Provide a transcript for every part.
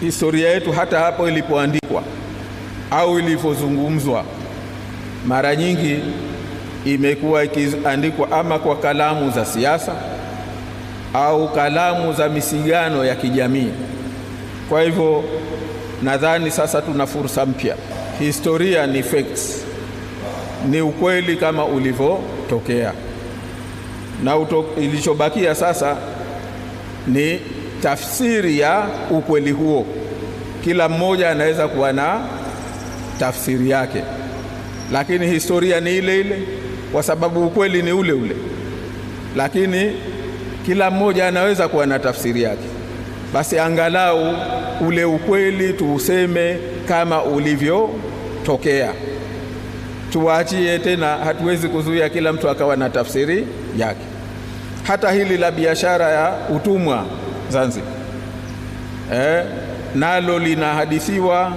historia yetu hata hapo ilipoandikwa au ilipozungumzwa, mara nyingi imekuwa ikiandikwa ama kwa kalamu za siasa au kalamu za misigano ya kijamii. Kwa hivyo nadhani sasa tuna fursa mpya. Historia ni facts, ni ukweli kama ulivyotokea, na ilichobakia sasa ni tafsiri ya ukweli huo. Kila mmoja anaweza kuwa na tafsiri yake, lakini historia ni ile ile, kwa sababu ukweli ni ule ule, lakini kila mmoja anaweza kuwa na tafsiri yake. Basi angalau ule ukweli tuuseme kama ulivyotokea, tuwaachie tena. Hatuwezi kuzuia kila mtu akawa na tafsiri yake. Hata hili la biashara ya utumwa Zanzibar eh, nalo linahadithiwa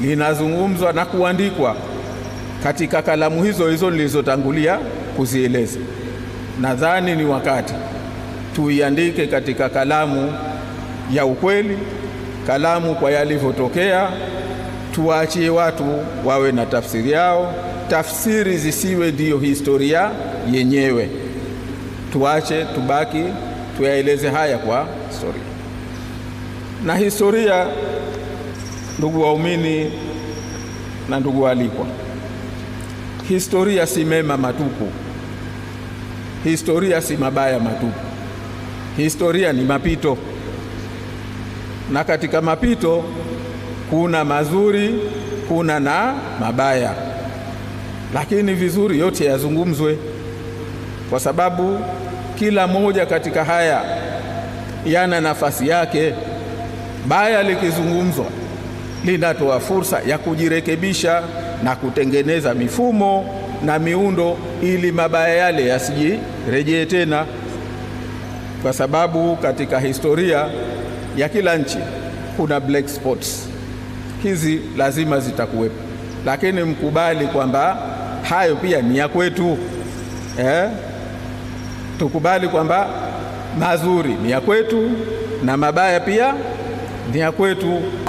linazungumzwa na kuandikwa katika kalamu hizo hizo nilizotangulia kuzieleza. Nadhani ni wakati tuiandike katika kalamu ya ukweli, kalamu kwa yalivyotokea. Tuwaachie watu wawe na tafsiri yao, tafsiri zisiwe ndiyo historia yenyewe. Tuache tubaki tuyaeleze haya kwa historia. Na historia, ndugu waumini na ndugu waalikwa, historia si mema matupu, historia si mabaya matupu, historia ni mapito, na katika mapito kuna mazuri, kuna na mabaya, lakini vizuri yote yazungumzwe kwa sababu kila moja katika haya yana nafasi yake. Baya likizungumzwa linatoa fursa ya kujirekebisha na kutengeneza mifumo na miundo ili mabaya yale yasijirejee tena, kwa sababu katika historia ya kila nchi kuna black spots. Hizi lazima zitakuwepo, lakini mkubali kwamba hayo pia ni ya kwetu eh? tukubali kwamba mazuri ni ya kwetu na mabaya pia ni ya kwetu.